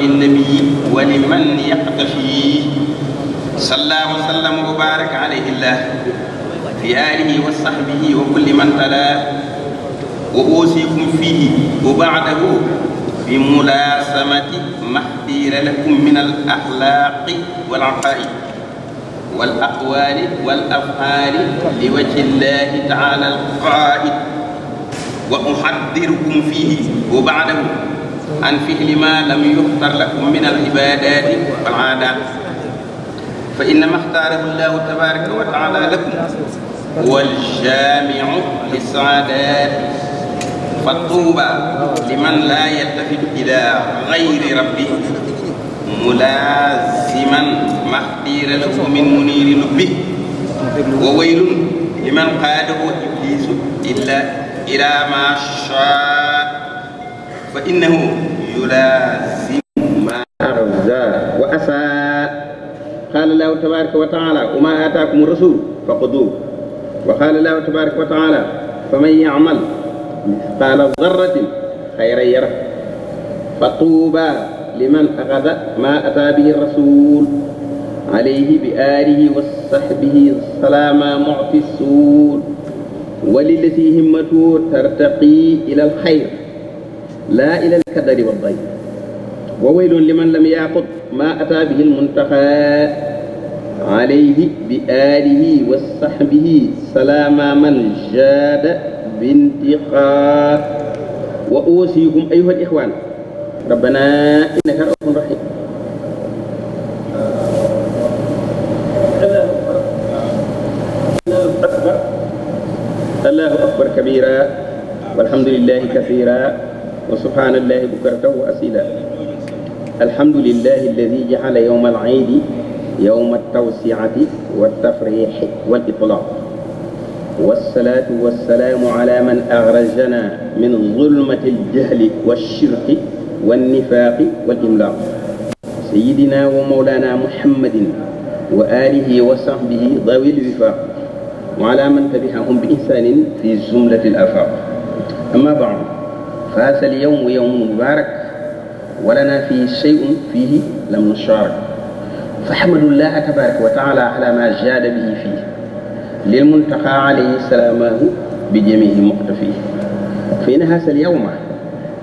للنبي ولمن يقتفي صلى وسلم وبارك عليه الله في آله وصحبه وكل من تلاه وأوصيكم فيه وبعده بملاسمة ما اختير لكم من الأخلاق والعقائد والأقوال والأفعال لوجه الله تعالى القائد وأحذركم فيه وبعده عن فعل ما لم يختر لكم من العبادات والعادات فإنما اختاره الله تبارك وتعالى لكم هو الجامع للسعادات فطوبى لمن لا يلتفت إلى غير ربه ملازما ما اختير له من منير لبه وويل لمن قاده إبليس إلا إلى ما شاء فإنه يلازم ما أرزاه وأساء قال الله تبارك وتعالى وما آتاكم الرسول فخذوه وقال الله تبارك وتعالى فمن يعمل مثقال ذرة خيرا يره فطوبى لمن أخذ ما أتى به الرسول عليه بآله وصحبه السلام معطي السور وللتي همته ترتقي إلى الخير لا إلى الكدر والضيق وويل لمن لم يعقد ما أتى به المنتقى عليه بآله وصحبه سلام من جاد بانتقاء وأوصيكم أيها الإخوان ربنا إنك رؤوف رحيم الله أكبر كبيرا والحمد لله كثيرا وسبحان الله بكرة وأسيلا الحمد لله الذي جعل يوم العيد يوم التوسعة والتفريح والإطلاق والصلاة والسلام على من أغرجنا من ظلمة الجهل والشرك والنفاق والإملاق سيدنا ومولانا محمد وآله وصحبه ذوي الوفاق وعلى من تبعهم بإحسان في جملة الآفاق أما بعد فهذا اليوم يوم مبارك ولنا فيه شيء فيه لم نشارك فحمد الله تبارك وتعالى على ما جاد به فيه للمنتقى عليه سلامه بجميع مقتفيه فإن هذا اليوم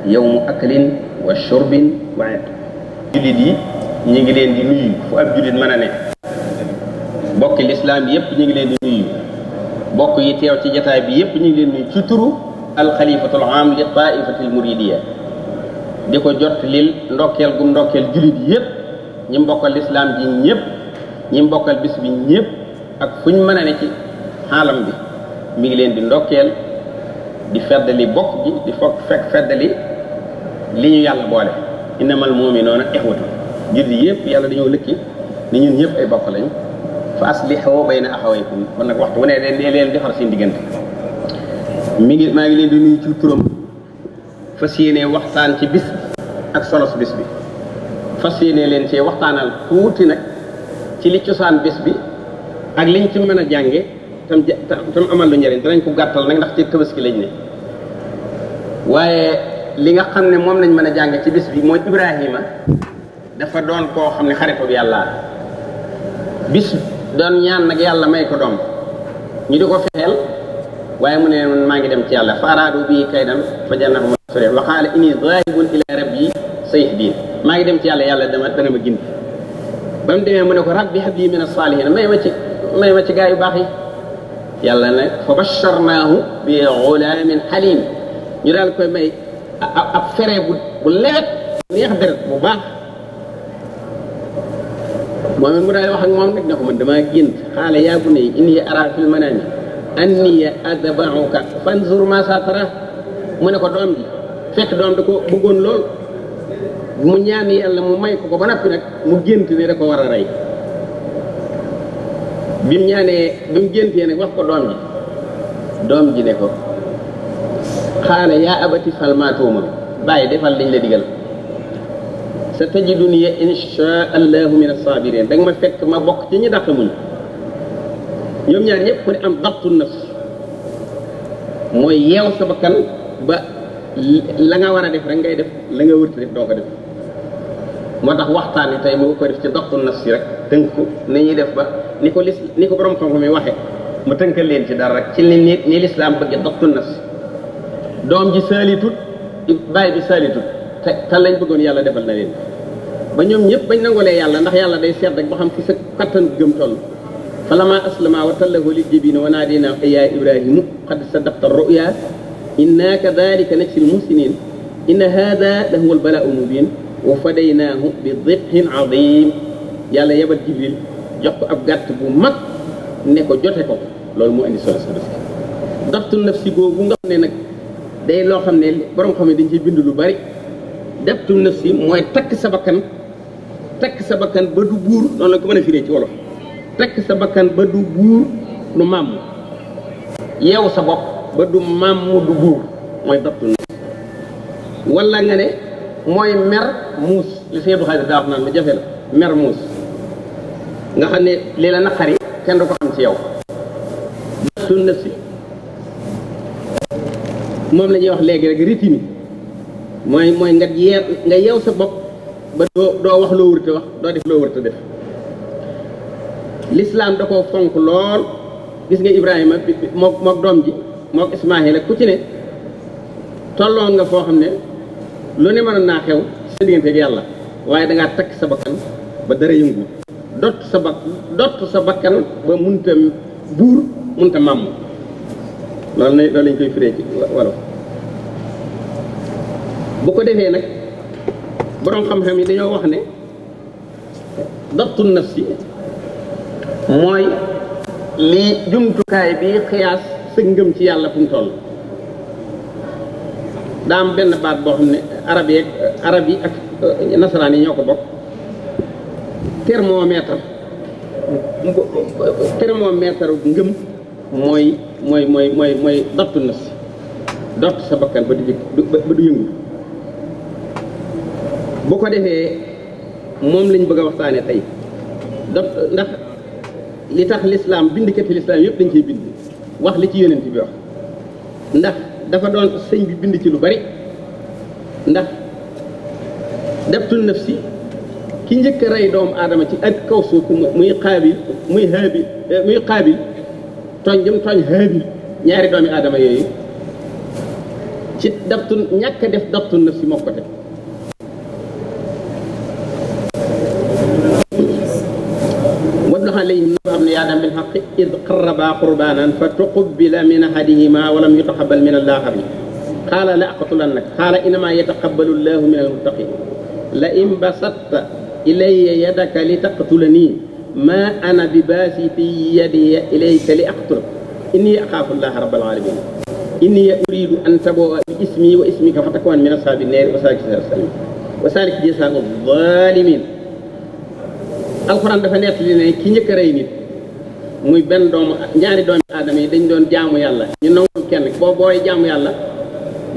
يوم أكل وشرب وعيد جلدي yi ñu ngi leen di nuyu fu ab julit mën a ne bokki lislaam bi yépp ñu ngi leen di alxalifatu am li taifati l muridiya di ko jot lil ndokkeel gum ndokkeel jullit yépp ñi mbokkal lislaam ji ñépp ñi mbokkal bis bi ñépp ak fu ñu mën a ne ci xaalam bi mi ngi leen di ndokkeel di feddali bokk gi di fokk fekk feddali li ñu yàlla boole innamal mu'minuuna ixwatu jullit yépp yàlla dañoo lëkki ni ñun ñépp ay bokk lañ fa aslihu bayna axawaykum kon nag waxtu wu ne leen leen defar seen diggante mi ngi ma ngi leen di nuyu ci turam fas yéene waxtaan ci bis ak solos bis bi fas yéene leen cee waxtaanal tuuti nag ci li cosaan bis bi ak liñ ci mën a jànge tam tam amal lu njëriñ danañ ko gàttal nag ndax ci lañ ne waaye li nga xam ne lañ mën a ci bis bi mooy ibrahima dafa doon koo xam ne yàlla bis doon ñaan nag yàlla may ko doom ñu di ko fexeel waaye mu ne maa ngi dem ci yàlla fa araadu bii kaydan fa jannahum sore wa qaala inni zaahibun ila rabbi sayahdiin maa ngi dem ci yàlla yàlla dama dana ma gindi ba mu demee mu ne ko rabbi habli min as-saalihiin may ma ci may ma ci gaa yu baax yi yàlla nag fa basharnaahu bi gulaamin xaliim ñu daal koy may ab fere bu bu lewet neex deret bu baax moom it mu daal wax ak moom nag ne ko man damaa gént xaala yaa bunayya innii araa fil manaami anniya adba'uka fanzur ma satara mu ne ko doom bi fekk doom da ko bëggoon lool mu ñaan yàlla mu may ko ko ba noppi nag mu gént ne da ko war a rey bi mu ñaanee bi mu géntee nag wax ko doom ji doom ji ne ko xaala yaa abati fal maa tuuma bàyyi defal dañ la digal sa tajiduni insha allahu min as-sabirin da ma fekk ma bokk ci ñi dàq muñ ñoom ñaar ñëpp ku ne am daptu nafs mooy yeew sa bakkan ba la nga war a def rek ngay def la nga wërti def doo ko def moo tax waxtaan wi tey mu ngi ko def ci daptu nafs rek tënk ko ni ñuy def ba ni ko lis ni ko borom xam-xam mi waxe mu tënkal leen ci dara rek ci ni ni lislaam bëgge daptu nafs doom ji saalitut baay bi saalitut te te lañ bëggoon yàlla defal na leen ba ñoom ñëpp bañ nangolee yàlla ndax yàlla day seet rek ba xam fi sa kattan gëm toll فلما أسلم وتله للجبين ونادينا يا إبراهيم قد صدقت الرؤيا إنا كذلك نجزي المحسنين إن هذا لهو البلاء المبين وفديناه بذبح عظيم يا لا يا جبريل جاكو اب غات بو مات نيكو جوتي كو لول مو اندي سولو سولو دفت النفس غوغو nga xamne nak day lo xamne borom xamne dañ ci bindu lu bari دفت النفس موي تك سبكن تك سبكن با دو بور نون لا كو مانا فيري ci tek sa bakkan ba du bur lu mam yeew sa bop ba du màmm du bur moy daptu wala nga ne moy mer mus. li seydou khadi daf nan ma lu mer mus nga xane ne lii la naqari kenn ko xam ci yow sunna nëf si moom la wax legui rek ritini moy moy nga yew nga yew sa bop ba do wax lo wax do def lo def l'islam da ko fonk lol gis nga ibrahima mok mok dom ji mok ismaila ku ci ne tolloon nga fo xamne ne lu ne mana na xew ci digante ak yalla waye da nga tak sa bakkan ba dara yëngu dot sa bak dot sa bakkan ba munta bur munta mam lol ne lol lañ koy firee ci waro bu ko defé nak borom xam-xam yi dañu wax ne nafsi mooy li jumtukaay bi xiyaas sa ngëm ci yàlla fu mu toll benn baat boo xam ne arab yi arab yi ak euh, nasaraan yi ñoo ko bokk thermomètre thermomètre ngëm mooy mooy mooy mooy mooy dottu si dott sa bakkan ba du ba du yëngu bu ko defee moom lañ bëgg a waxtaane tey dott ndax li tax lislaam bindkati lislaam yëpp dañ koy bind wax li ci yonent bi wax ndax dafa doon sëñ bi bind ci lu bari ndax deftul nafsi ki njëkk a rey doomu aadama ci ak kaw suuf muy xaabil muy haabil muy xaabil tooñ jëm tooñ haabil ñaari doomi aadama yooyu ci dabtu ñàkk a def dabtu nafsi moo ko def ابن آدم بالحق إذ قربا قربانا فتقبل من أحدهما ولم يتقبل من الآخر قال لا أقتلنك قال إنما يتقبل الله من المتقين لئن بسطت إلي يدك لتقتلني ما أنا بباسط يدي إليك لأقتلك إني أخاف الله رب العالمين إني أريد أن تبوء باسمي واسمك فتكون من أصحاب النار وسالك السليم وسالك جزاء الظالمين القرآن دفنيت لنا كي نكري muy benn doomu ñaari doomi aadama yi dañ doon jaamu yàlla ñu nangul kenn boo booy jàmm yàlla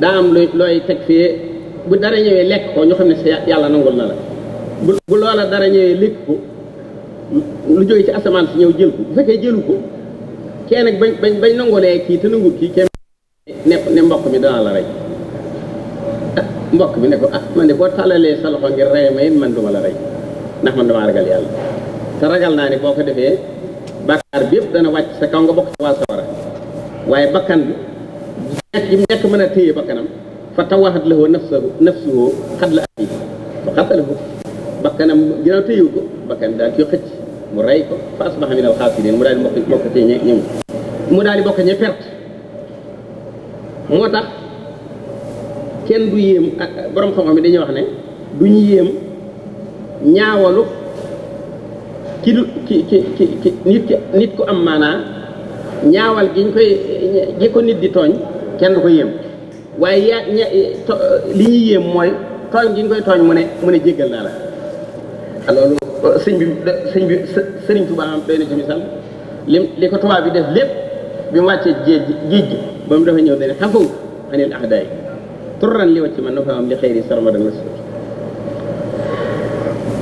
daa am lu looy teg fii bu dara ñëwee lekk ko ñu xam ne si yàlla nangul na la bu bu loola dara ñëwee lekk ko lu jóge ci asamaan si ñëw jël ko bu fekkee jëlu ko kenn nag bañ bañ bañ nangulee kii te nangul kii kenn ne ne mbokk mi danaa la rey ah, mbokk bi ne ko ah man de boo tàllalee sa loxo ngir rey ma it man duma la rey ndax man damaa ragal yàlla te ragal naa ne bàkkaar bi yëpp dana wàcc sa kaw nga bokk sa waa sawara waaye bakkan bi nekk yi mu nekk mën a téye bakkanam fa tawaxat lahu nafsahu nafsuhu xat la abi fa xatalahu bakkanam ginnaaw téyewu ko bakkan daal koy xëcc mu rey ko fa asbaxa min al xaasirin mu daal di bokk bokk ci ñëw mu daal di bokk ñe perte moo tax kenn du yéem borom xam-xam yi dañuy wax ne du ñu yéem ñaawalu ki du ki ki ki nit ki nit ku am maanaa ñaawal gi ñu koy gi ko nit di tooñ kenn du ko yéem waaye yaa ña li ñuy yéem mooy tooñ gi ñu koy tooñ mu ne mu ne jéggal naa la ah, loolu sëñ bi bi sëriñ Tuubaa am doy na li ko tubaab bi def lépp bi mu wàccee géej géej gi ba mu dafa ñëw dane xafaw anil ahdaay turran li wàcc man na fa am li xëyri sarmadan la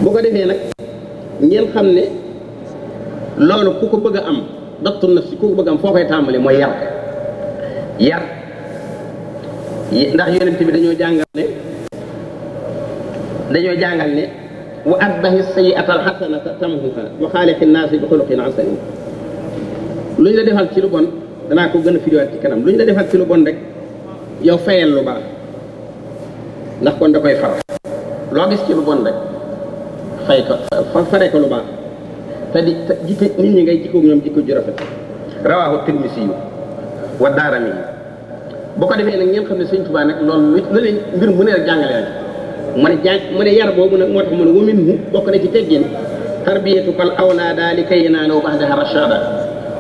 bu ko defee nag ngeen xam ne loolu ku ko bëgg am dattu na si ku ko bëgg am foo koy tàmbali mooy yar yar ndax yonent bi dañoo jàngal ne dañoo jàngal ne wa addahi sayyi'ata al-hasanata tamhuha wa xaaliqi naasi bi xuluqin hasanin lu ñu la defal ci lu bon danaa ko gën a firiwaat ci kanam lu ñu la defal ci lu bon rek yow fayal lu baax ndax kon da koy far loo gis ci lu bon rek fay ko fare ko lu baax te di te nit ñi ngay jikkoog ñoom jikko ju rafet rawaahu tirmisi yu wa daarami boo ko defee nag ngeen xam ne sëñ Tuubaa nag loolu lu ne mbir mu ne rek jàngale la mu ne mu ne yar boobu nag moo tax mu ne wamin mu bokk na ci teggin tarbiyatu kal awlaada li kay yanaalaw ba'daha rashada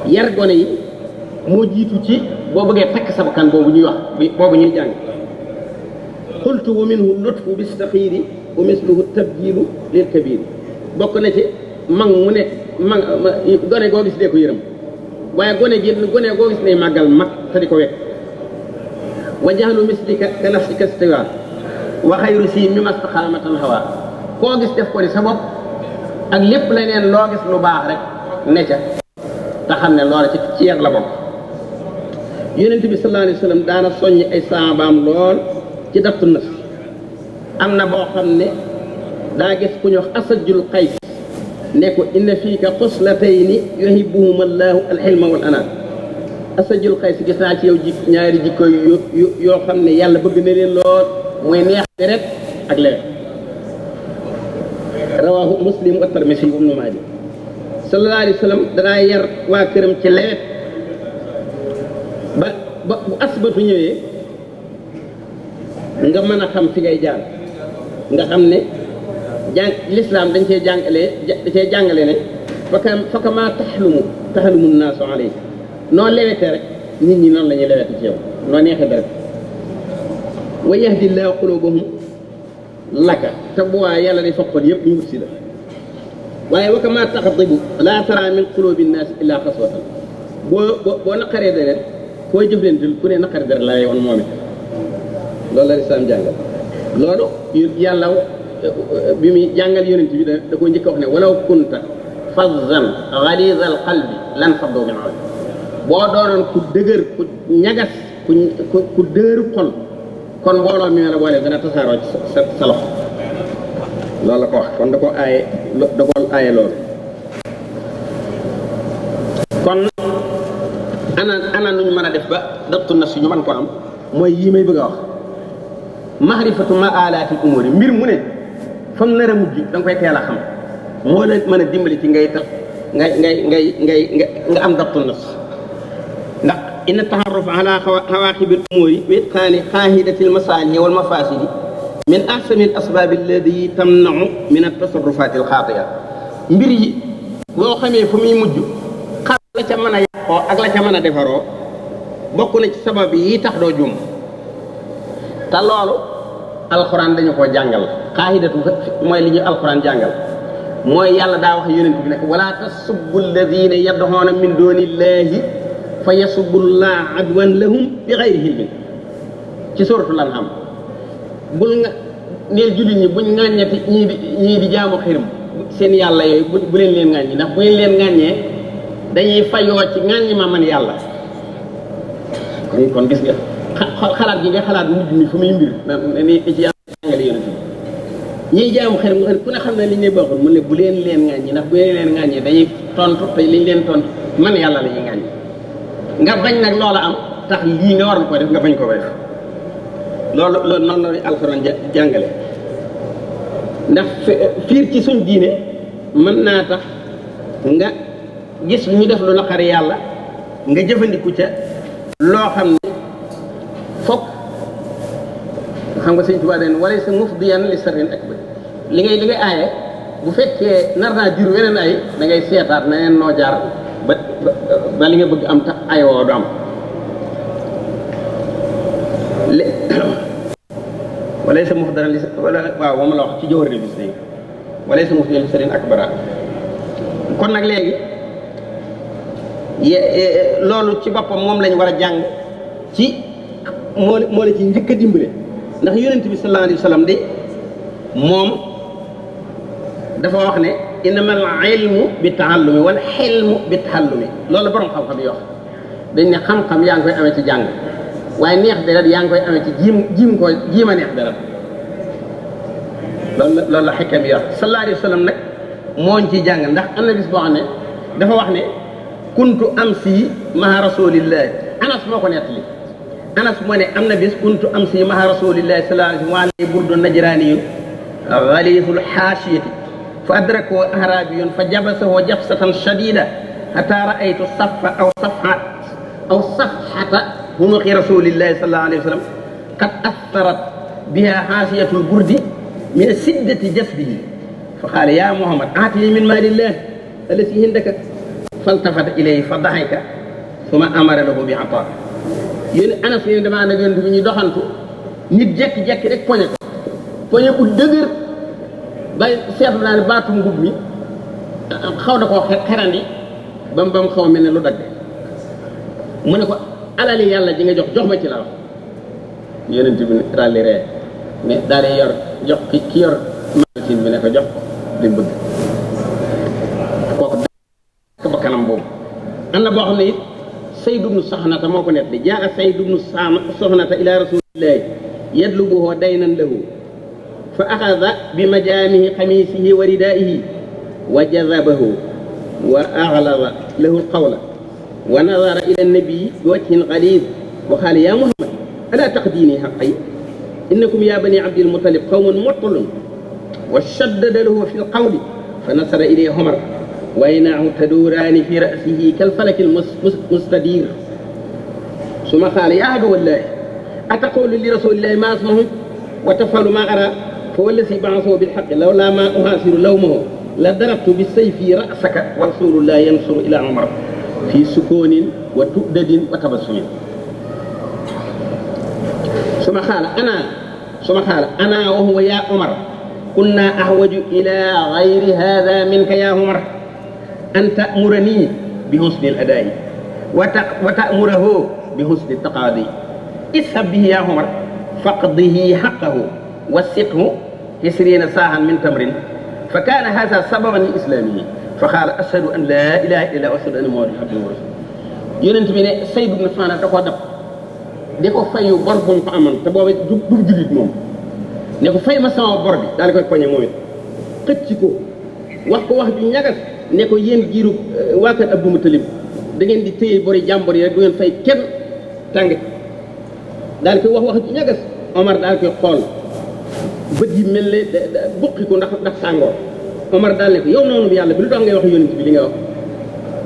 yar gone yi moo jiitu ci boo bëggee tekk sa bakkan boobu ñuy wax boobu ñuy jàng qultu wa minhu lutfu bistaxiiri wa misluhu tabjilu lil kabir bokk na ci mag mu ne mag gone goo gis dee ko yërëm waaye gone gi gone goo gis ne màggal mag te di ko wekk wa jahlu mislika ka nafsika istiwa wa xayru si mi mastaxaamatan hawa koo gis def ko ni sa bopp ak lépp neen loo gis lu baax rek ne ca te xam ne loola ci ci yar la bokk yonent bi sallallahu alayhi la sallam daana soññ ay saabaam lool ci daftu nas am na boo xam ne daa gis ku ñuy wax asajul qays ne ko inna fiika xoslatayni yuhibbuhuma allaahu alxilma wal anaa asajul qays gis naa ci yow ji ñaari jikko yu yoo xam ne yàlla bëgg na leen lool mooy neex deret ak lewet rawaahu muslim wa tarmisi wa ibnu maaja sallallahu alayhi wa danaa yar waa këram ci lewet ba ba bu asbatu ñëwee nga mën a xam fi ngay jaar nga xam ne jàng lislaam dañ cee jàngalee da cee jàngale ne faka faka maa taxlumu taxlumu naasu alay noo lewete rek nit ñi noonu la ñuy lewete ci yow noo neexee dara wa yahdi llahu qulubahum laka te bu waa yàlla day foqal yëpp ñu wut si la waaye waka maa taxadibu laa tara min qulubi nnaasi illaa xaswatan boo boo naqaree deret foo jëfleentul ku ne naqari deret laa yoon moom it loolu la lislaam jàngal loolu yàlla bi muy jàngal yonent bi da ko njëkk wax ne walaw kunta fazzan ghaliz al qalbi lan faddu min boo doonoon ku dëgër ku ñagas ku ku ku xol kon mbooloo mi ne la boole dana tasaaroo ci sa sa loxo loolu la ko wax kon da ko aaye da ko aaye loolu kon ana ana nuñ mën a def ba daptu na suñu man ko am mooy yii may bëgg a wax mahrifatu ma'alati umuri mbir mu ne fam nar a mujj da nga koy teel a xam moo la mën a dimbali ci ngay tax ngay ngay ngay ngay nga am dabtu nafs ndax inna taharruf ala xawaaxibi l umuri wa itqaani qaahidati l masaalihi wal mafaasidi min ahsani l asbaabi alladi tamnau min altasarrufaati al xaatiya mbir yi boo xamee fu muy mujj xam la ca mën a yàqoo ak la ca mën a defaroo bokk na ci sabab yi tax doo juum te loolu alxuraan dañu ko jàngal xaaxidatu mooy li ñu alxuraan jàngal mooy yàlla daa wax yonent bi nag wala tasubbu alladina yadxoona min dunillahi fa yasubbu llaha adwan lahum bi xayri hilmin ci suratul an'am bul nga ne jullit ñi buñ ŋàññati ñii di ñii di jaamu xirim seen yàlla yooyu bu leen leen ŋàññi ndax bu leen leen ŋàññee dañuy fayoo ci ŋàññi ma man yàlla kon kon gis nga xalaat gi nga xalaat nit ñi fu muy mbir ni ci jàngale jaamu xel ku ne xam ne li ne baaxul mu ne bu leen leen ŋàññi ndax bu leen leen ŋàññi day tontu te liñ leen tontu man yàlla la ñuy ŋàññi nga bañ nag loola am tax lii nga waroon ko def nga bañ ko def loolu loolu noonu la alxuraan jàngale ndax fiir ci suñ diine mën naa tax nga gis lu ñu def lu naqari yàlla nga jëfandiku ca loo xam xam nga sëñ Tuubaa den wala sa muf diyan li sarin ak bët li ngay li ngay aaye bu fekkee nar naa jur ay dangay seetaat na neen noo jaar ba ba li nga bëgg am tax ayoo du am wala sa muf dara li wala waaw moom la ci jawar ne bis léegi wala sa muf ak bara kon nag léegi loolu ci bappam moom lañu war a jàng ci moo moo la ci njëkk a dimbale ndax yonent bi sallallahu alayhi wasallam sallam de moom dafa wax ne innamal ilmu bi taallumi wal hilmu bi taallumi loolu borom xam-xam wax dañ ne xam-xam yang koy amé ci jàng way neex deret yaa ngi koy amé ci jim jim koy jima neex deret loolu la loolu la xekkam yor sallallahu alayhi wasallam nak moñ ci jàng ndax am na bis boo xam dafa wax ne kuntu am si maha rasulillahi anas moo ko أنس من أمن بس كنت أمسي مع رسول الله صلى الله عليه وسلم وعلي برد النجراني غليظ الحاشية فأدركه أعرابي فجبسه جبسة شديدة حتى رأيت الصف أو صفحة أو صفحة هنوك رسول الله صلى الله عليه وسلم قد أثرت بها حاشية البرد من سدة جسده فقال يا محمد أعطني من مال الله الذي عندك فالتفت إليه فضحك ثم أمر له بعطاء yéen anas yéen dama ànd ak yonent doxantu nit jekki-jekki rek poñe ko poñe bu dëgër bay seetlu naa ne baatu mbub mi xaw na koo xerandi ba mu mu xaw mel ne lu dagg mu ne ko alali yàlla ji nga jox jox ma ci la wax yonent bi ràlli ree mais daal yor jox ki ki yor magasin bi ne ko jox li mu bëgg ba kanam boobu am na boo xam ne it sayd ubnu soxnata moo ko net di jaa sayd ubnu soxnata ila rasulillahi yadlubuhu daynan lahu fa axada bi majaamihi xamiisihi wa ridaa'ihi wa jazabahu wa axlada lahu alqawla wa nadara ila annabii bi wajhin xaliid wa qaala ya muhammad alaa taqdiini xaqi إنكم يا بني عبد المطلب قوم معطل وشدد له في القول فنصر إليه عمر وينع تدوران في رأسه كالفلك المستدير ثم قال يا أهد الله أتقول لرسول الله ما اسمه وتفعل ما أرى فهو الذي بعثه بالحق لولا ما أهاسر لومه لضربت بالسيف رأسك ورسول الله ينصر إلى عمر في سكون وتؤدد وتبسم ثم قال أنا ثم قال أنا وهو يا عمر كنا أحوج إلى غير هذا منك يا عمر أن تأمرني بحسن الأداء وتأمره بحسن التقاضي اذهب به يا عمر فقضه حقه وسقه عشرين ساعة من تمر فكان هذا سببا لإسلامه فقال أشهد أن لا إله إلا الله وأشهد أن محمدا عبده ورسوله يونت bi سيد بن ibn Fana da koo dab di ko fayu bor bu mu ko amoon te boobu du du jullit moom ne ko fay ma sama bor bi ne ko yéen giiru euh, waa kër Abdu Mutalib da ngeen di téye bori jàmbor yi rek du ngeen fay kenn tàng daal koy wax wax ci ñagas Omar daal koy xool bët yi mel ne buqi ko ndax ndax sàngoor Omar daal ne ko yow noonu yàlla bi lu tax ngay wax yonent bi li nga wax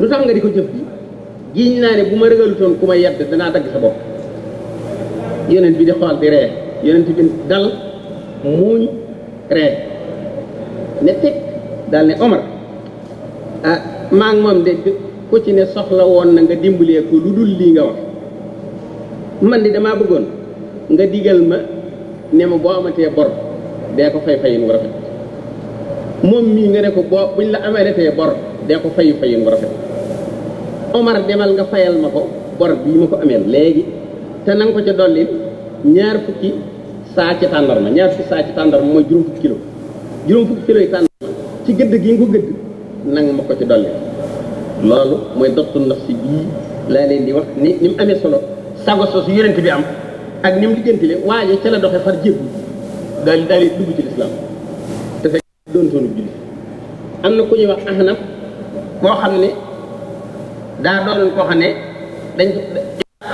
lu tax nga di ko jëf bi giiñ naa ne bu ma rëgalutoon ku ma yedd danaa dagg sa bopp yonent bi di xool di ree yonent bi dal muuñ ree ne teg daal ne Omar ah maa ngi moom de ku ci ne soxla woon na nga dimbalee ko lu dul lii nga wax man di damaa bëggoon nga digal ma ne ma boo amatee bor dee ko fay fayin wu rafet moom mii nga ko boo buñ la amalatee bor dee ko fayu fayin wu rafet Omar demal nga fayal ma ko bor bii ma ko ameel léegi te na ko ca dolli ñaar fukki saa ci tàndarma ñaar fukki saa ci tàndarma mooy juróom fukki kilo juróom fukki kilo yi tàndarma ci gëdd gi nga ko gëdd nang ma ko ci dolli loolu mooy dottu naf si bii laa leen di wax ni ni mu amee solo sago soosu yërënt bi am ak ni mu diggantile waaye ca la doxe far jébbu daal daal dugg ci lislaam te fekk doontoonu julli am na ku ñuy wax ahnaf koo xam ne daa doon koo xam ne dañ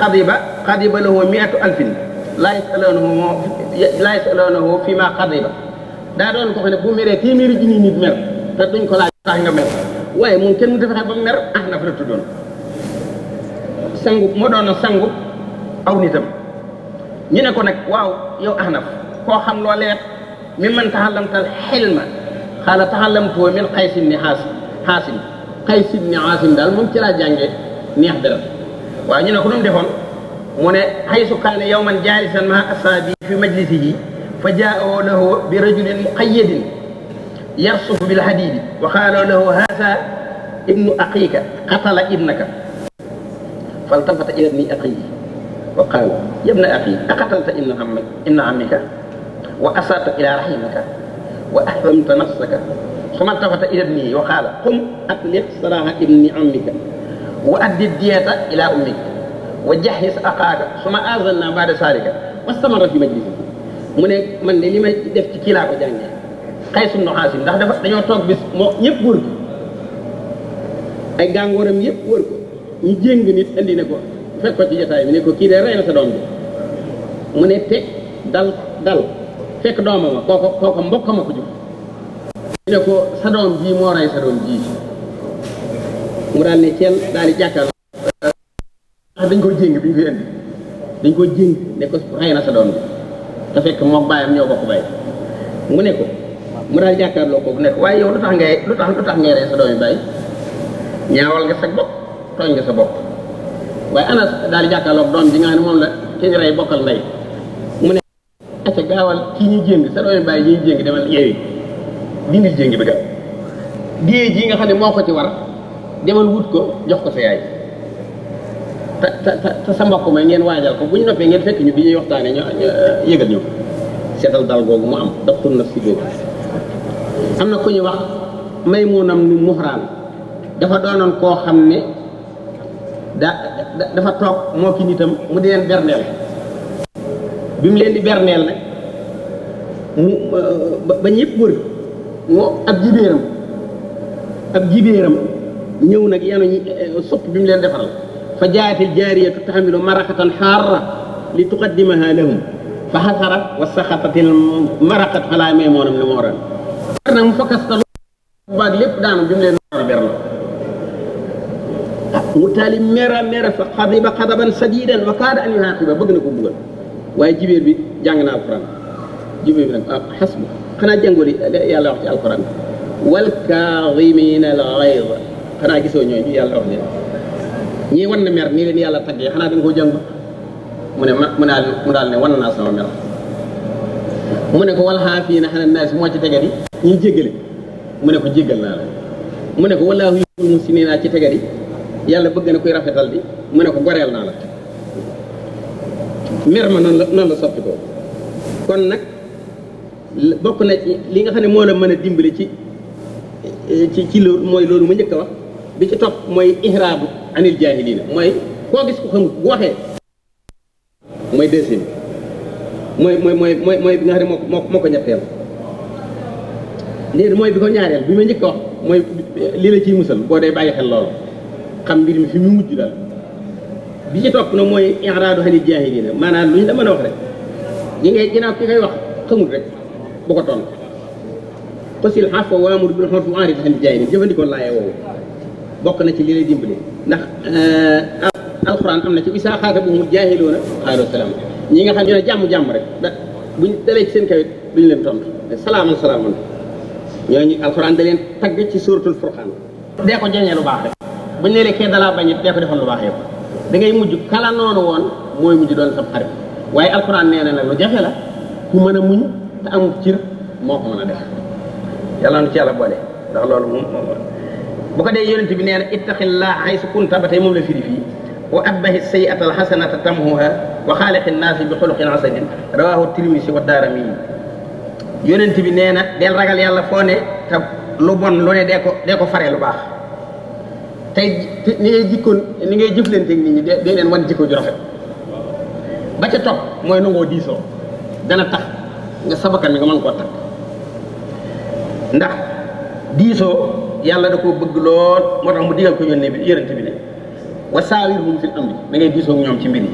xadiba xadiba lahu miatu alfin laa yasalunahu laa yasalunahu fi ma xadiba daa doon koo xam ne bu meree téeméeri junni nit mer te duñ ko laaj tax nga mer waaye moom kenn mu defe ba mu mer Ahnaf la tuddoon sangu moo doon sangu aw nitam ñu ne ko nag waaw yow Ahnaf koo xam loo leet mi man taxallamtal xilma xaala taxallamtoo min xays ibni xaasim xaasim xays ibni xaasim daal moom ci laa jàngee neex dara waaw ñu ne ko nu mu defoon mu ne xaysu kaane yawman jaalisan maa asaabi fi majlisi ji fa jaa lahu bi rajulin muqayyadin يرصف بالحديد وقالوا له هذا ابن أخيك قتل ابنك فالتفت إلى ابن أخيه وقال يا ابن أخي أقتلت ابن عمك عمك وأسرت إلى رحمك وأحرمت نفسك ثم التفت إلى ابنه وقال قم أطلق سراح ابن عمك وأدي الدية إلى أمك وجهز أخاك ثم أذن بعد ذلك واستمر في مجلسه من من ما دفت كلا وجانجه Qays ibn ndax dafa dañoo toog bis moo ñëpp wër ko ay gàngooram yëpp wër ko ñu jéng nit indi ne ko fekk ko ci jotaay bi ne ko kii de rey sa doom ne teg dal dal fekk dooma ma kooko mbokk ma ko jub ñu ne jii moo rey sa doom jii mu daan ne ceen daal di jàkkaarloo dañ ko jéng bi ñu koy indi dañ ko jéng ne ko rey na sa doom bi te fekk mook baayam ñoo bokk bay mu ne ko mu daal jàkkaarloo kooku nekk waaye yow lu tax ngay lu tax lu tax ngay rey sa doomi bàyyi ñaawal nga sa bopp tooñ nga sa bopp waaye anas daal di jàkkaarloog doom ji nga xam ne moom la ki bokkal ndey mu ne acca gaawal ñuy jéng sa doomi bàyyi ñuy jéng demal yeewi dindil jéng nga xam ne moo ko ci war demal wut ko jox ko sa yaay te te te sa mbokk ma ngeen waajal ko bu ñu noppee ngeen fekk ñu bi ñuy waxtaanee ñu yëgal ñu seetal dal googu mu am daptul na si googu am na ku ñu wax maymunam ni muhraan dafa doonoon koo xam ne da dafa toog moo ki nitam mu di leen berneel bi mu leen di berneel nag mu ba ñëpp wër moo ab jibéeram ab jibéeram ñëw nag yenu ñi supp bi mu leen defaral fa jaatil jaariyatu taxamilu maraqatan xaarra li tuqaddimaha lahum fa xasarat wa saxatatil maraqat ala maymunam ni muhraan nag mu fakkastalu baag lépp daanu jum leen war ber la mu taali mera mera wa kaada an yuxaaqiba bëgg na ko buggal waaye jibéer bi jàng na alquran jibéer bi nag ah xasbu xanaa jàngoli yàlla wax ci alquran wal kaadimina gisoo ñooñu yàlla wax leen ñii wan mer nii leen yàlla taggee xanaa dañ koo mu ne mu daal mu daal ne wan naa sama mer mu ne ko wal xaafiina xana naas moo ci tege yi ñu jéggale mu ne ko jéggal naa la mu ne ko walaahu yuhibbul muhsiniina ci tegar yi yàlla bëgg na koy rafetal bi mu ne ko goreel naa la mer ma noonu la noonu la soppi kon nag bokk na li nga xam ne moo la mën a dimbali ci ci ci loolu mooy loolu ma njëkk wax bi ci topp mooy ihraabu anil jaahiliina mooy koo gis ko xam bu waxee mooy deuxième mooy mooy mooy mooy mooy bi nga xam ne moo moo ko ñetteel déedéet mooy bi ko ñaareel bi ma njëkk wax mooy lii la ciy musal boo dee bàyyi xel loolu xam mbir mi fi mu mujj daal bi ci topp na mooy iraadu xali jaahiliina maanaam lu ñu la mën a wax rek ñi ngay ginnaaw ki koy wax xamul rek bu ko tontu fasil xafa waamur bil urfi wa a'rid anil jaahiliin jëfandikoon laayee woowu bokk na ci lii lay dimbali ndax euh, alxuraan am na ci isaa xaatabahumul jaahiluuna qaalu salaam ñi nga xam ñu ne jàmm-jàmm rek bu ñu dalee ci seen kawit duñu leen tontu te salaaman salaaman ñooñu alxuraan da leen tagg ci suuratul furqaan dee ko joñee lu baax rek buñ ne lekkee dalaa bañ it dee ko defoon lu baax yëpp dangay mujj kala noonu woon mooy mujj doon sa xarit waaye alxuraan nee na nag lu jafe la ku mën a muñ te moo ko mën a def yàlla ci yàlla boole ndax loolu moom bu ko dee yonent bi nee na ittaqillaa haysu kunta ba tey moom la firi fii وأبه السيئة الحسنة تمهوها وخالق الناس بخلق حسن رواه الترمذي والدارمي يونت بي نينا ديل راغال يالا فوني تا لو بون لو ني ديكو ديكو فاري لو باخ تاي ني جيكون ني غي جيفلنتك نيت ني دي لين وان جيكو جرافيت با تا توك موي نوغو ديسو دا نا تاخ nga sabakan nga man ko tak ndax diso yalla da ko beug lol motax mu digal ko yonne bi yeren tibi ne وساويهم في الأمر مجي ديسو نيوم تيمبيري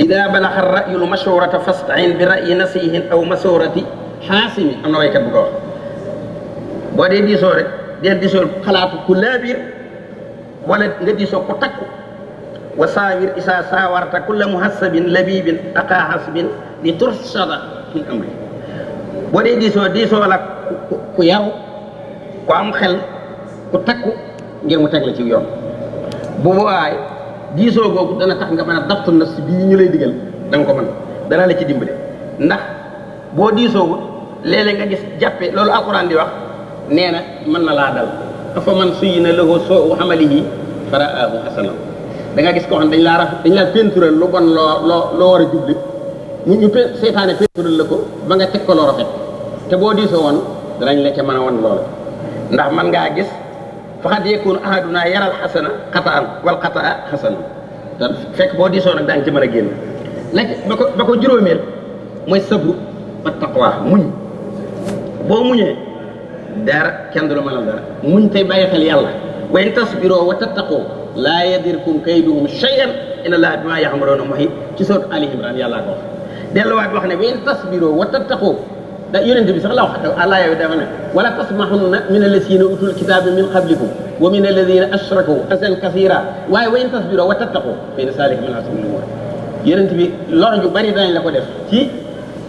إذا بلغ الرأي المشورة فاستعين برأي نسيه أو مسورة حاسم أنا وياك بقول بودي ديسو رك دي ديسو خلاط كلابير ولا كو تاكو وساوير إسا ساورت كل محسب لبيب أقا حسب لترشد في الأمر بودي ديسو ديسو على كياو كو أم خل كتكو جيمو تكلي تيو يوم bu boobaa diisoo googu dana tax nga mën a daftu nafs bii ñu lay digal da nga ko mën dana la ci dimbale ndax boo diisoowut léeg-léeg nga gis jàppe loolu alquran di wax nee na mën na laa dal afa man suyina lahu soo xamalihi faraahu hasanan da nga gis koo xam dañ laa raf dañ laa pentural lu bon loo loo loo war a ñu ñu seytaane pentural la ba nga teg ko loo rafet te boo diso won danañ la ca mën a wan ndax man ngaa gis faqad yakunu ahaduna yaral xasana xataan wal xataa xasana te fekk boo diisoo nag daa ngi ci mën a génn laaj ba ko ba ko juróomeel mooy sabru ba taqwa muñ boo muñee dara kenn du la mënal dara muñ tey bàyyi xel yàlla wa in tasbiroo wa tattaqoo laa yadirkum kayduhum shay'an inna allaha bima ya'maluna muhit ci soot ali imran yàllaa ko wax delluwaat wax ne wa in tasbiroo wa tattaqoo da yonent bi sax la wax allah yow dafa ne wala tasmahunna min alladina utul kitaabi min qablikum wa min alladina ashraku asan kasira waaye wa in tasbiru wa tattaqu fa inna min azmi l-umur yonent bi lor ju bari danañ la ko def ci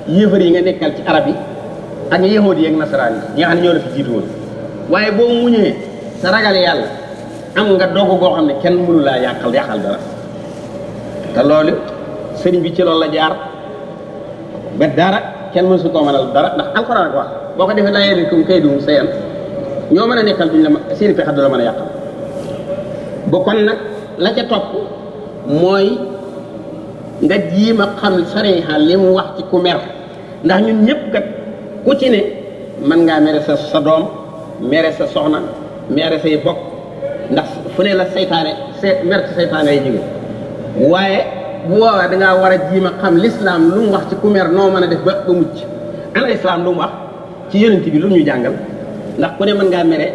yéefar yi nga nekkal ci arab yi ak yahood ak nasrani nga xam ñoo la fi jitu woon waaye boo muñee sa ragal yàlla am nga doog go xamne kenn mënu la yakal yakal dara ta lolu serigne bi ci lolu la jaar ba dara kenn su koo mënal dara ndax alxuraan ak wax boo ko defee laa yadrikum kayduhum shay'an ñoo mën a nekkal duñ la seeni pexe du la mën a yàqal ba kon nag la ca topp mooy nga jiim ma xam sariha li mu wax ci ku mer ndax ñun ñëpp kat ku ci ne mën ngaa mere sa sa doom mere sa soxna mere say bokk ndax fu ne la seytaane mer ci seytaane yi jóge bu woowee danga war a jiima xam lislaam lu mu wax ci ku noo mën a def ba ba mucc ana islaam lu wax ci yonent bi lu ñu jàngal ndax ku ne mën ngaa mere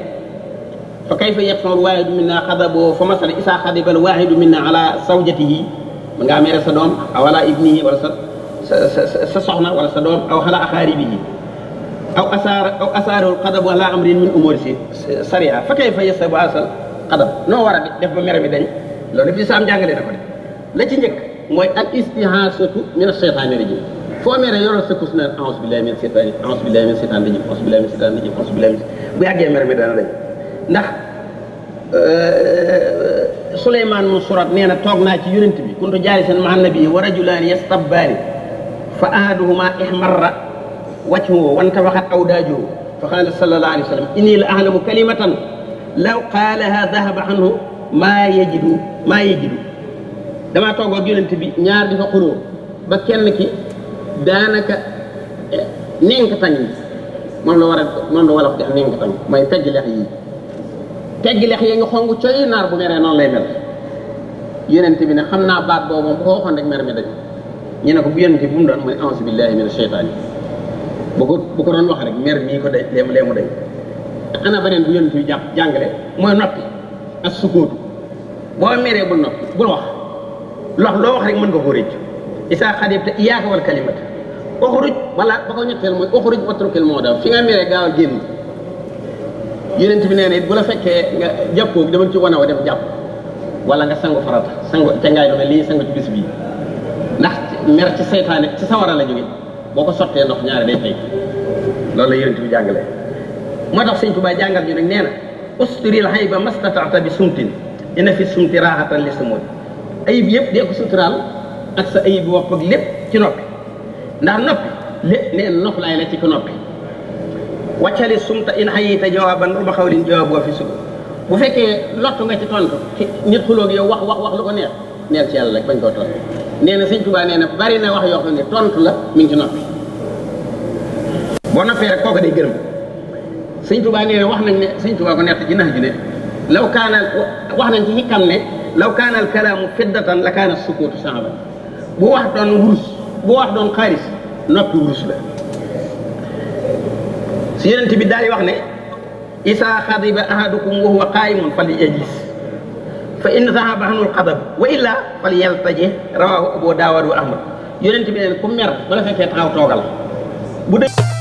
fa kayfa yaqsal waahidu minna xadaboo fa masala isaa xadibal waahidu minna ala sawjatihi mën ngaa sa doom aw soxna wala sa doom aw ala axaaribihi aw asal xadab noo war a def ba mere mi dañ loolu bi lislaam jàngale na ko de la ci njëkk mooy al istihaasatu min asheytaani rajim foo mere yoroon sa kus naan aouzu billahi min seytaani aouzu billahi min seytaani rajim aouzu billahi min seytaani rajim aouzu billahi min bu yàggee mer mi dana dañ ndax Souleymane mu surat nee na toog naa ci yonent bi kuntu jaalisan maa nabi wa rajulaani yastabbaani fa ahaduhuma ihmarra wajhuhu wantabaxat awdaajuhu fa qaala sallallahu alayhi wa sallam inni la ahlamu kalimatan law qaalaha dahaba anhu maa yajidu maa yajidu damaa toog ak yonent bi ñaar di fa xuloo ba kenn ki daanaka eh, nenk tañ bi moom la war a moom la wolof di am nenk tañ mooy tegg lex yi tegg lex yi nga xongu coy naar bu meree noonu lay mel yonent bi ne xam naa baat boobu moom bu ko waxoon rek mer mi dañ ñu ne ko bu yonent bi bu mu doon mu ne auzu billahi mina sheytaani bu ko bu ko doon wax rek mer mii ko day léemu léemu day ana beneen bu yonent bi jàpp jàngale mooy noppi ak sukóotu boo meree bul noppi bul wax lox loo wax rek mën nga ko rëcc isaa xadib te iyaaka wal kalimat uxruj wala ba ko ñetteel mooy uxruj watrukil moo daw fi nga meree gaawal génn yonent bi nee na bu la fekkee nga jàppoo dama ci wana wa def jàpp wala nga sangu farata sangu te ngaay doon lii ndax mer ci ci sawara la boo ko sottee ndox ñaare day fay loolu la yonent jàngale moo tax sëñ Tuubaa jàngal ñu nag nee na usturil xay ba mastataata bi sumtin ina fi sumti raaxatan li sumut ayib yëpp dee ko suturaal ak sa ayib wopp ak lépp ci noppi ndax noppi lépp neen noflaay la ci ko noppi waccali sumta in xayita jawaaban ruba xawlin jawaab boo fi sug bu fekkee lottu nga ci tontu nit xulóog yow wax wax wax lu ko neex neel ci yàlla rek bañ koo tontu nee na na bari na wax yoo xam ne tontu la mi ngi ci noppi boo noppee rek kooku day gërëm sëñ Tuubaa nee na wax nañ ne sëñ Tuubaa ko nett ci nax ju ne law kaana wax nañ ci xikam ne law kaana al kalaamu fiddatan la kaana sukuutu saaban bu wax doon wurus bu wax doon xaalis noppi wurus la si yonent bi daal di wax ne isaa xadiba ahadukum wa huwa qaayimun fal yajlis fa in zahaba anhu alxadab wa illa fal yaltaje rawaahu abu daawud wa ahmad yonent bi ne ku mer ba la fekkee taxaw toogal bu dee